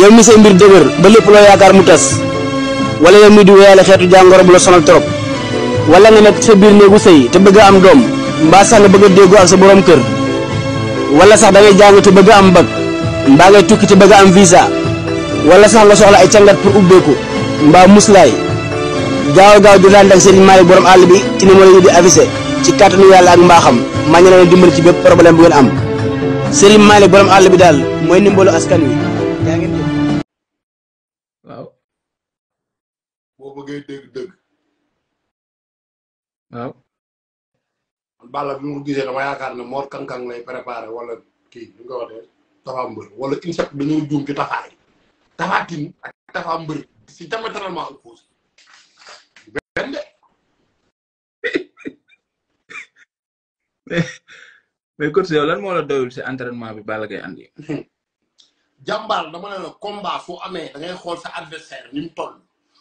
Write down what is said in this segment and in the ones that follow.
yow mi sey mbir deuguer ba lepp lo yaakar mu tass wala yow mi di wéyale xeetu jangoro bu la sonal torop wala nga nek sa bir neegu sey te bëgg am dom mba sax nga bëgg ak sa borom kër wala sax da ngay jàng te bëgg am mba ngay tukki te bëgg am visa wala sax nga soxla ay cangat pour ubbeeku mba muslay gaaw gaaw jotaan ak sëriñ Malick borom all bi ci ni mo la di avisé ci katanu yalla ak mbaxam ma ñu lay dimbal ci bëpp problème bu ngeen am sëriñ Malick borom àll bi daal askan wi ngeen boo bëggee dégg dëgg waaw Balla bi ma ko gisee dama yaakaar ne Mor Kankang lay préparé wala kii ñu koy waxee Tafa Mbër wala insecte dañoo juum ci tafaay tafaatin ak Tafa Mbër si diamétralement si entraînement bi Balla Gaye andi jàmbaar dama ne combat fu amee da xool sa adversaire ni toll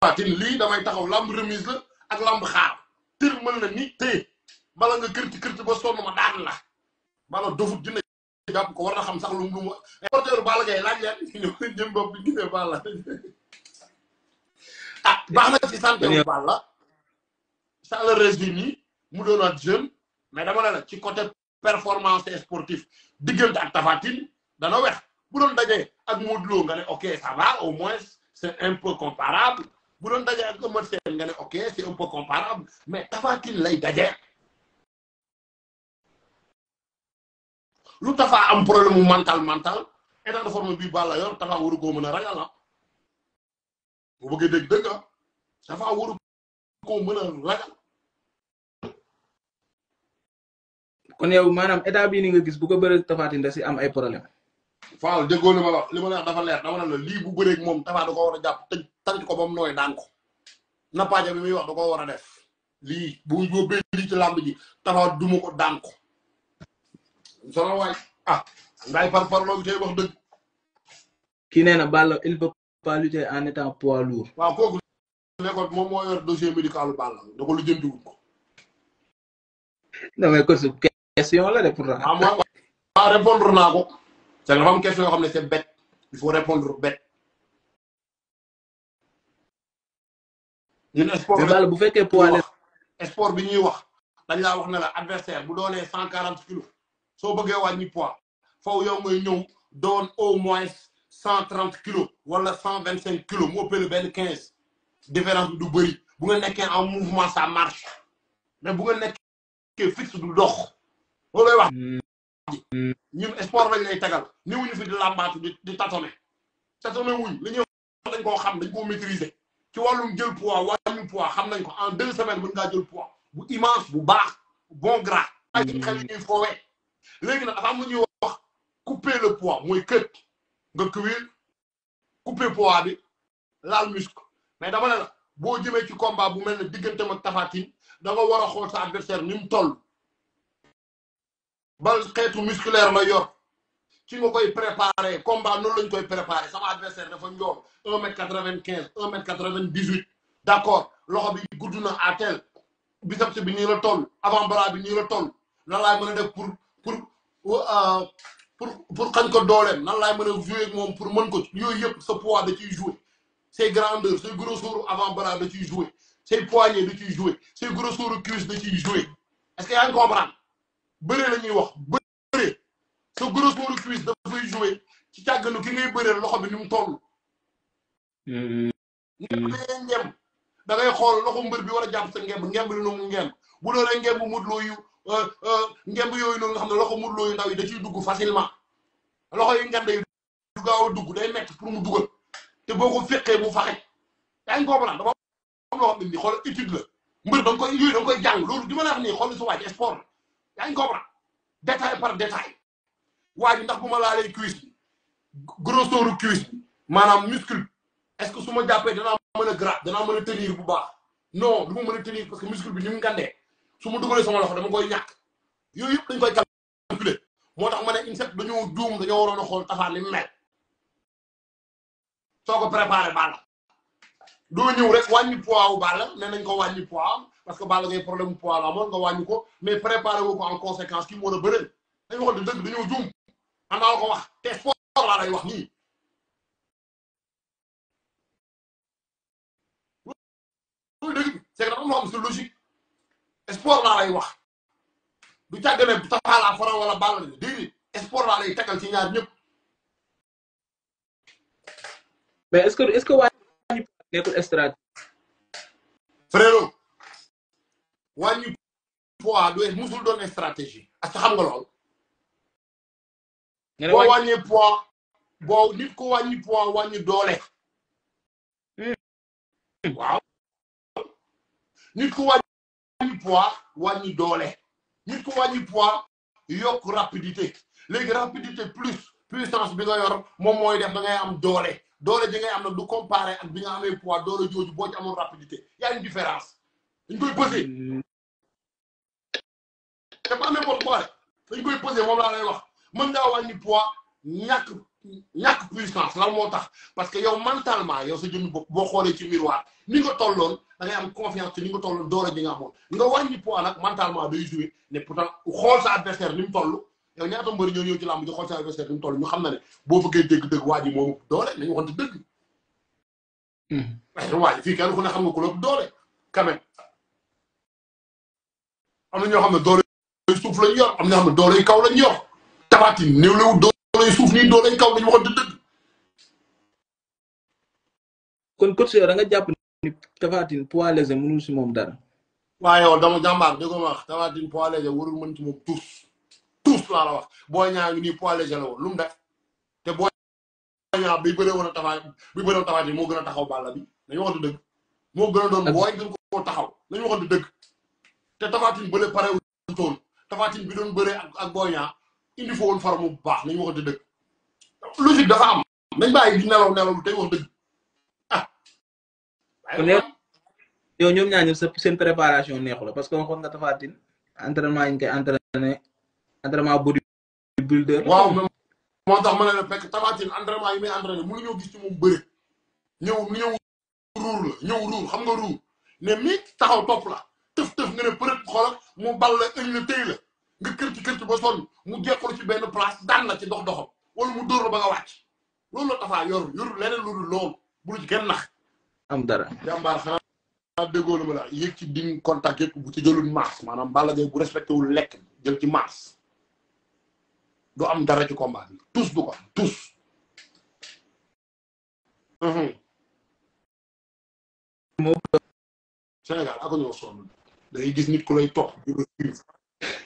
waatin lii damay taxaw lamb remise la ak lamb xaar tër mën na ni téye bala nga kërti kërti ba sonn ma daan la bala dofut dina jàpp ko war na xam sax lu mu lu mu porteur jëm bopp bi gisee Balla ah baax na ci santé wu Balla ça le résume yi mu doonaat jeune mais dama ne la ci côté performance sportive diggante ak Tapha Tine dana bu doon dajee ak Modou Lo nga ne ok ça au moins c'est un peu comparable bu doon daje ak Eumeu Sène nga ne ok c'est un peu comparable mais Tapha lay daje. lu Tapha am problème mu mental mental état de forme bii Balla yor Tapha waru koo a ragal ah bu ah, nga gis bu ko bëree Tapha Tine da si am ay problème. Faaw déggoo li ma wax li ma la wax dafa dama ne la lii bu moom Tapha da ko war a jàpp tànc ko ba mu nooy daan ko nappaaja bi muy wax da ko war a def lii bu yóbbee lii ci làmb ji taxaw duma ko daan ko solo waay ah ngaay par parloo bi tey wax dëgg kii nee na Balla il peut pas lutter en étant poids lourd waaw kooku nekkoon moom moo yor dossier médicalu Balla da ko lu jëndiwul ko non mais ko su question la de pour waaw ah, répondre naa ko c'est que question yoo xam ne c'est bête il faut répondre bête ñun sport bu sport bi ñuy wax dañ un wax vous la adversaire bu que kilos poids yow ñëw au moins 130 kilos wala 125 kilos différence du bëri bu nga en mouvement ça marche mais bu nga nekkee fixe du dox lay wax sport lañ lay ni fi di di tâtonner wuñ li ñuy dañ koo xam dañ koo maîtriser ci walum jël poids walum poids xam ko en deux semaines mën nga jël poids bu immense bu baax bon gras. ay hmm. xel une dafa am wax couper le poids moy kët nga le couper poids bi le muscle mais dama la bo tu ci combat bu melni ne diggante da nga wara a adversaire nim toll. bal musculaire meilleur tu nga préparer, combat adversaire un avant bras la pour pour euh, pour pour grandeur avant bras ce cuisse dafay joué ci càgganu ki ngay bëreel loxo bi nu mu toll. ñebe mm-hmm. ngemb da ngay xool loxo mbër bi war a jàpp sa ngemb ngemb li noonu ngemb bu doon rek ngemb mudloo yu euh, euh, ngemb yooyu noonu nga xam ne loxo mudloo yu ndaw yi da dugg facilement loxo yu ngand yi du gaaw a dugg day métti pour mu dugal te boo ko fekkee mu faxe yaa ngi comprendre dafa am loo xam ne ni xool étude la mbër da nga koy yooyu da loolu di ma la wax nii xool su waaj sport la yaa ngi par détail waa ndax buma ma laalee cuisse bi grosseur cuisse manam muscle est-ce que suma jappé dana danaa mën a gras danaa mën tenir bu baax non du ma tenir parce que muscle bi nim ngandé suma su sama loxo dama koy ñak yooyu yëpp dañ koy calculer moo tax ma ne INSEP dañoo juum dañoo waroon a xool Tapha li mu mel soo ko préparé Balla doo ñëw rek wàññi poids wu Balla nee nañ ko wàññi poids parce que Balla ngay problème poids la mo nga wàññi ko mais préparer woo ko en conséquence ki mu war a bëre dañu waxoon dëgg dañu juum man maa ko wax te fort laa wax nii. loolu dëgg bi am loo xam c'est logique sport laa wax du càgg ne Tapha la Fara wala Balla la déedéet sport laa lay ci ñaar ñëpp. mais est-ce que est-ce que waa ñu nekkul stratégie. frérot wàññi musul doon stratégie ak xam nga lool. Bo wàññee poids bo nit ko poids hmm. poids poids rapidité Les rapidité plus puissance bi nga yor mom moy def da am doole doole ji ngay am du comparer ak bi nga poids ci rapidité y a une différence Ni koy poser. C'est pas même poids koy mën ngaa wàññi poids ñàkk ñàkk puissance lan moo tax parce que yow mentalement yow sa jëmmi bopp boo xoolee ci miroir ni nga tolloon da ngay am confiance ci ni nga tolloon doole ji nga amoon nga wàññi poids nag mentalement day joué ne pourtant xool sa adversaire ni mu toll yow ñaata mbëri ñoo ñëw ci làmb ji xool sa adversaire ni mu toll ñu xam na ne boo bëggee dégg-dëgg waa ji moom doole nañu waxante dëgg. Hmm. fii kenn ku ne xam nga ku lépp doole quand même am na ñoo xam ne doole suuf lañ yor am na ñoo xam ne doole kaw lañ yor. tabaati néew la wu dooley suuf nii dooley kaw nañu waxoon dëgg. kon coach yow da nga jàpp ni tabaati poids léger mënul si moom dara. waaye yow dama jàmbaar dégg ma wax tabaati poids léger warul mën ci moom tous tous laa la wax booy ñaar ñu nii poids léger la woon lu mu te booy ñaar bi bëree woon a tabaati bi bëree moo gën a taxaw Balla bi dañu wax dëgg. moo gën a doon booy gën koo taxaw nañu waxoon dëgg te tabaati bële pare wu ñu toon bi doon bëree ak ak booy indi fa woon forme bu baax nañu waxante dëgg logique dafa am nañ bàyyi di nelaw nelaw tey wax dëgg ah. yow ñoom ñaar seen préparation neexu la parce que waxoon nga Tapha Tine entraînement yi ñu koy entraîné entraînement bodybuilder. waaw moo tax ma ne la fekk Tapha Tine entraînement yi muy entraîné gis ci moom ñëw ñëw ruur la ñëw ruur xam nga ruur ne mi taxaw topp la tëf tëf nga ne përët mu ball la tëy la. nga kër ci ba sonn mu jekkalu ci benn place daan na ci dox doxo wala mu dóor la ba nga wàcc loolu la Tapha yor yor leneen lu dul loolu bul ci kenn nax. am dara jàmbaar xanaa déggoo la ma la ci din contact yëpp bu ci jëlul mars maanaam bala Gaye bu respecté wul lekk jël ci mars du am dara ci combat bi du ko tous. Sénégal ak ñoo sonn da gis nit ku lay topp di